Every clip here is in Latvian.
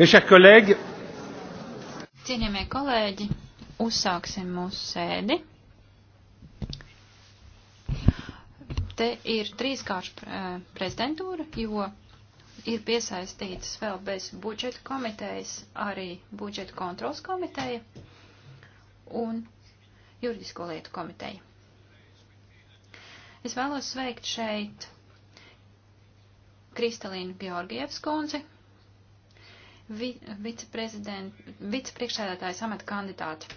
Mes chers collègues, Cienījamie kolēģi, uzsāksim mūsu sēdi. Te ir trīskārša eh, prezidentūra, jo ir piesaistītas vēl bez budžeta komitejas arī budžeta kontrols komiteja un juridisko lietu komiteja. Es vēlos sveikt šeit Kristalīnu Georgievskundzi, vi, vicepriekšsēdētājas amata kandidāti.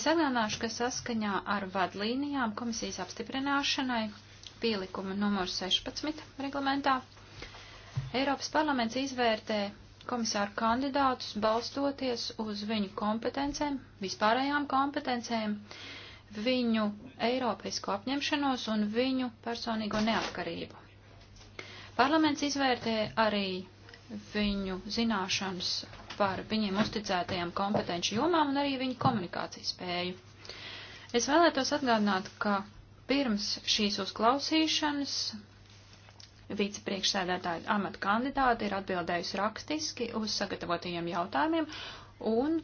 Es atgādināšu, ka saskaņā ar vadlīnijām komisijas apstiprināšanai pielikuma numur 16 reglamentā Eiropas parlaments izvērtē komisāru kandidātus balstoties uz viņu kompetencēm, vispārējām kompetencēm, viņu eiropeisko apņemšanos un viņu personīgo neatkarību. Parlaments izvērtē arī viņu zināšanas par viņiem uzticētajām kompetenci jomām un arī viņu komunikācijas spēju. Es vēlētos atgādināt, ka pirms šīs uzklausīšanas vicepriekšsēdētāja amata kandidāte ir atbildējusi rakstiski uz sagatavotajiem jautājumiem, un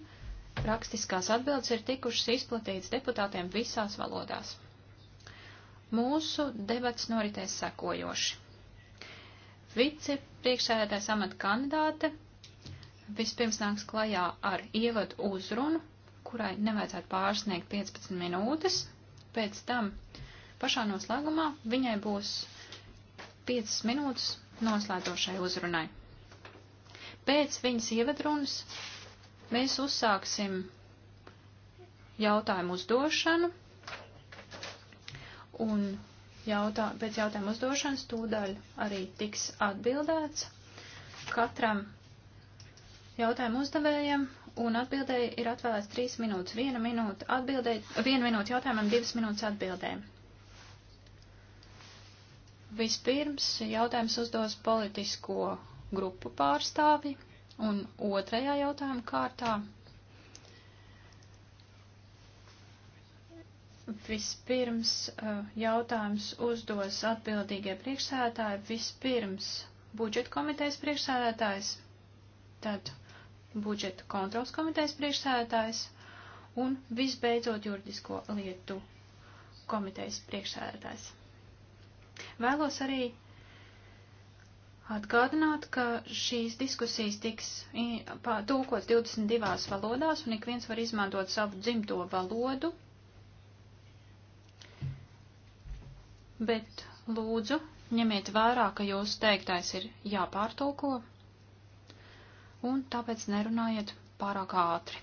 rakstiskās atbildes ir tikušas izplatītas deputātiem visās valodās. Mūsu debats noritēs sekojoši vici priekšsēdētājs amata kandidāte vispirms nāks klajā ar ievadu uzrunu, kurai nevajadzētu pārsniegt 15 minūtes. Pēc tam pašā noslēgumā viņai būs 5 minūtes noslēdzošai uzrunai. Pēc viņas ievadrunas mēs uzsāksim jautājumu uzdošanu un jautā, pēc jautājumu uzdošanas tūdaļ arī tiks atbildēts katram jautājumu uzdevējam, un atbildēji ir atvēlēts 3 minūtes. 1 minūte, atbildē, 1 minūte jautājumam, 2 minūtes atbildēm. Vispirms jautājums uzdos politisko grupu pārstāvi, un otrajā jautājuma kārtā Vispirms eh, jautājums uzdos atbildīgie priekšsēdētāji, vispirms budžeta komitejas priekšsēdētājs, tad budžeta kontrols komitejas priekšsēdētājs un visbeidzot juridisko lietu komitejas priekšsēdētājs. Vēlos arī atgādināt, ka šīs diskusijas tiks tūkots 22 valodās un ik viens var izmantot savu dzimto valodu bet lūdzu ņemiet vērā, ka jūsu teiktais ir jāpārtulko, un tāpēc nerunājiet pārāk ātri.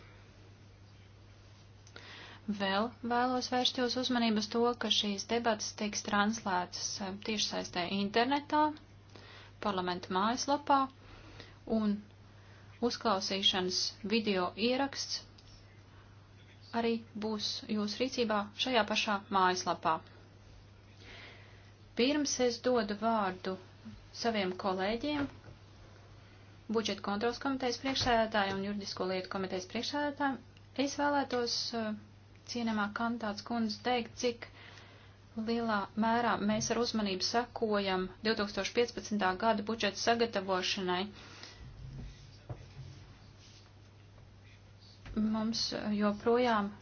Vēl vēlos vērst jūsu uzmanības to, ka šīs debatas tiks translētas eh, tiešsaistē internetā, parlamenta mājaslapā, un uzklausīšanas video ieraksts arī būs jūsu rīcībā šajā pašā mājaslapā. Pirms es dodu vārdu saviem kolēģiem, budžeta kontrols komitejas priekšsēdētāju un juridisko lietu komitejas priekšsēdētāju, es vēlētos eh, cienamā kandidāts kundze teikt, cik lielā mērā mēs ar uzmanību sekojam 2015. gada budžeta sagatavošanai. Mums joprojām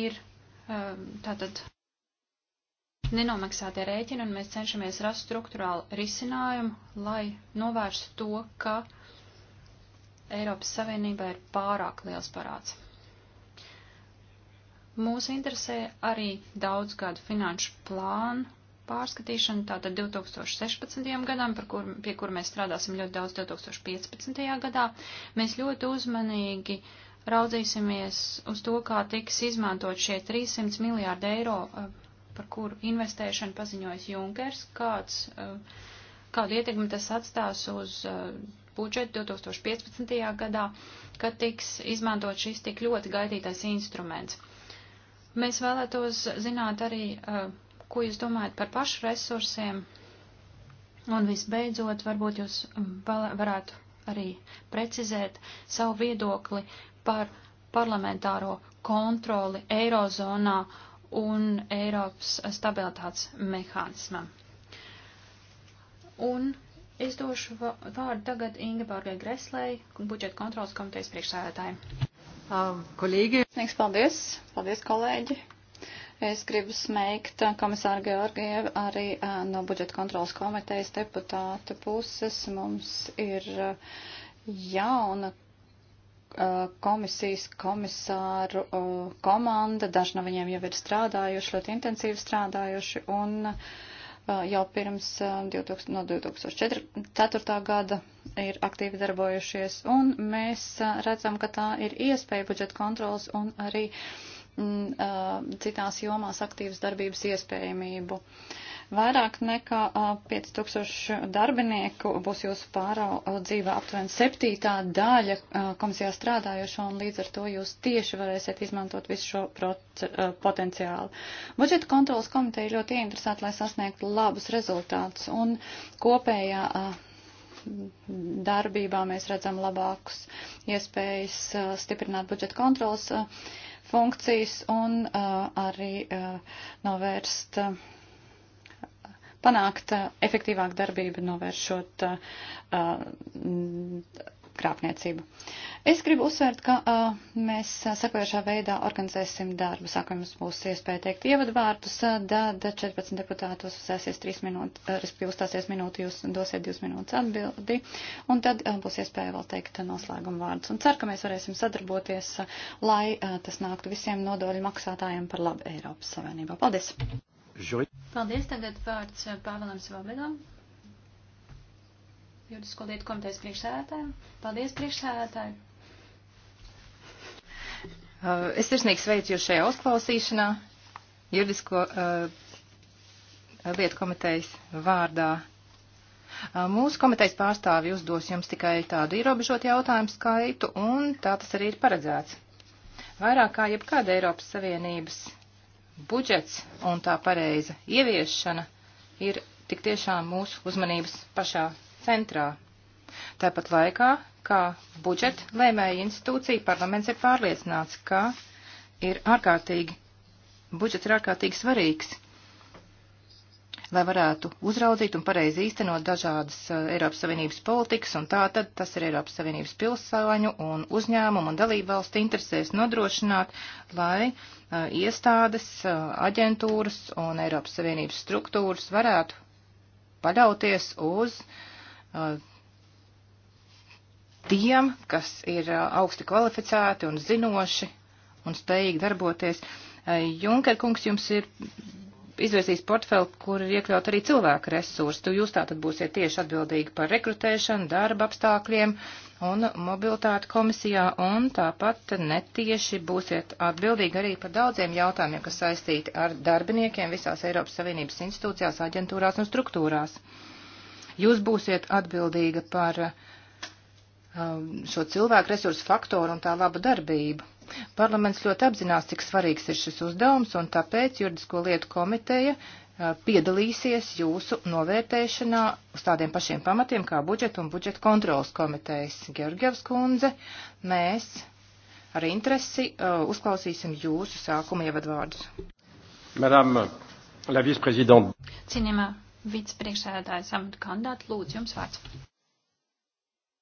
ir eh, tātad nenomaksātie rēķini, un mēs cenšamies rast struktūrālu risinājumu, lai novērstu to, ka Eiropas Savienībā ir pārāk liels parāds. Mūs interesē arī daudzgadu finanšu plānu pārskatīšana, tātad 2016. gadam, kur, pie kur mēs strādāsim ļoti daudz 2015. gadā. Mēs ļoti uzmanīgi raudzīsimies uz to, kā tiks izmantot šie 300 miljārdi eiro par kuru investēšanu paziņojas Junkers, kāds, uh, kādu ietekmi tas atstās uz uh, budžetu 2015. gadā, kad tiks izmantot šis tik ļoti gaidītais instruments. Mēs vēlētos zināt arī, uh, ko jūs domājat par pašu resursiem, un visbeidzot, varbūt jūs um, varētu arī precizēt savu viedokli par parlamentāro kontroli Eirozonā un Eiropas stabilitātes mehānismam. Un es došu vārdu tagad Ingeborgai Greslei, budžeta kontrolas komitejas priekšsēdētājai. Um, kolēģi. Sniegs paldies. Paldies, kolēģi. Es gribu smēkt komisāru Georgievu arī uh, no budžeta kontrolas komitejas deputāta puses. Mums ir uh, jauna komisijas komisāru komanda, daži no viņiem jau ir strādājuši, ļoti intensīvi strādājuši, un jau pirms 2000, no 2004. gada ir aktīvi darbojušies, un mēs redzam, ka tā ir iespēja budžeta kontrols un arī m, citās jomās aktīvas darbības iespējamību. Uh, Vairāk nekā 5000 darbinieku būs jūsu pāraudzībā aptuveni septītā daļa komisijā strādājošo un līdz ar to jūs tieši varēsiet izmantot visu šo potenciālu. Budžeta kontrolas komiteja ļoti ieinteresēta, lai sasniegtu labus rezultātus un kopējā darbībā mēs redzam labākus iespējas stiprināt budžeta kontrolas funkcijas un arī novērst panākt eh, efektīvāku darbību, novēršot eh, eh, krāpniecību. Es gribu uzsvērt, ka uh, mēs sekojošā veidā organizēsim darbu. Sākam mums būs iespēja teikt ievadvārdus, tad 14 deputātus uzsēsies 3 minūtes, respektīvi uzstāsies minūti, jūs dosiet 2 minūtes atbildi, un tad uh, būs iespēja vēl teikt noslēguma vārdus. Un ceru, ka mēs varēsim sadarboties, uh, lai uh, tas nāktu visiem nodoļu maksātājiem par labu Eiropas Savienībā. Paldies! juri... Paldies, tagad vārds eh, Pāvēlam Svobedam. Juridisko lietu komitejas priekšsēdētājiem. Paldies, priekšsēdētāji. Eh, es sirsnīgi sveicu jūs šajā uzklausīšanā. Juridisko uh, lietu komitejas vārdā. Mūsu komitejas pārstāvi uzdos jums tikai tādu ierobežotu jautājumu skaitu, un tā tas arī ir paredzēts. Vairāk kā jebkāda Eiropas Savienības budžets un tā pareiza ieviešana ir tik tiešām mūsu uzmanības pašā centrā. Tāpat laikā, kā budžeta lēmēja institūcija, parlaments ir pārliecināts, ka ir ārkārtīgi, budžets ir ārkārtīgi svarīgs lai varētu uzraudzīt un pareizi īstenot dažādas uh, Eiropas Savienības politikas, un tā tad tas ir Eiropas Savienības pilsāņu un uzņēmumu un dalību valstu interesēs nodrošināt, lai uh, iestādes, uh, aģentūras un Eiropas Savienības struktūras varētu paļauties uz tiem, kas ir augsti kvalificēti un zinoši un spējīgi darboties. Junker kungs, jums ir izvērsīs portfeli, kur ir iekļaut arī cilvēku resursi. Tu jūs tātad būsiet tieši atbildīgi par rekrutēšanu, darba apstākļiem un mobilitāti komisijā, un tāpat netieši būsiet atbildīgi arī par daudziem jautājumiem, kas saistīti ar darbiniekiem visās Eiropas Savienības institūcijās, aģentūrās un struktūrās. Jūs būsiet atbildīga par um, šo cilvēku resursu faktoru un tā laba darbība. Parlaments ļoti apzinās, cik svarīgs ir šis uzdevums, un tāpēc juridisko lietu komiteja piedalīsies jūsu novērtēšanā uz tādiem pašiem pamatiem kā budžeta un budžeta kontrolas komitejas. Georgievs kundze, mēs ar interesi uh, uzklausīsim jūsu sākuma ievadvārdus. Madame la viceprezidente. Cienījamā vicepriekšsēdētāja samata kandidāte, lūdzu jums vārds.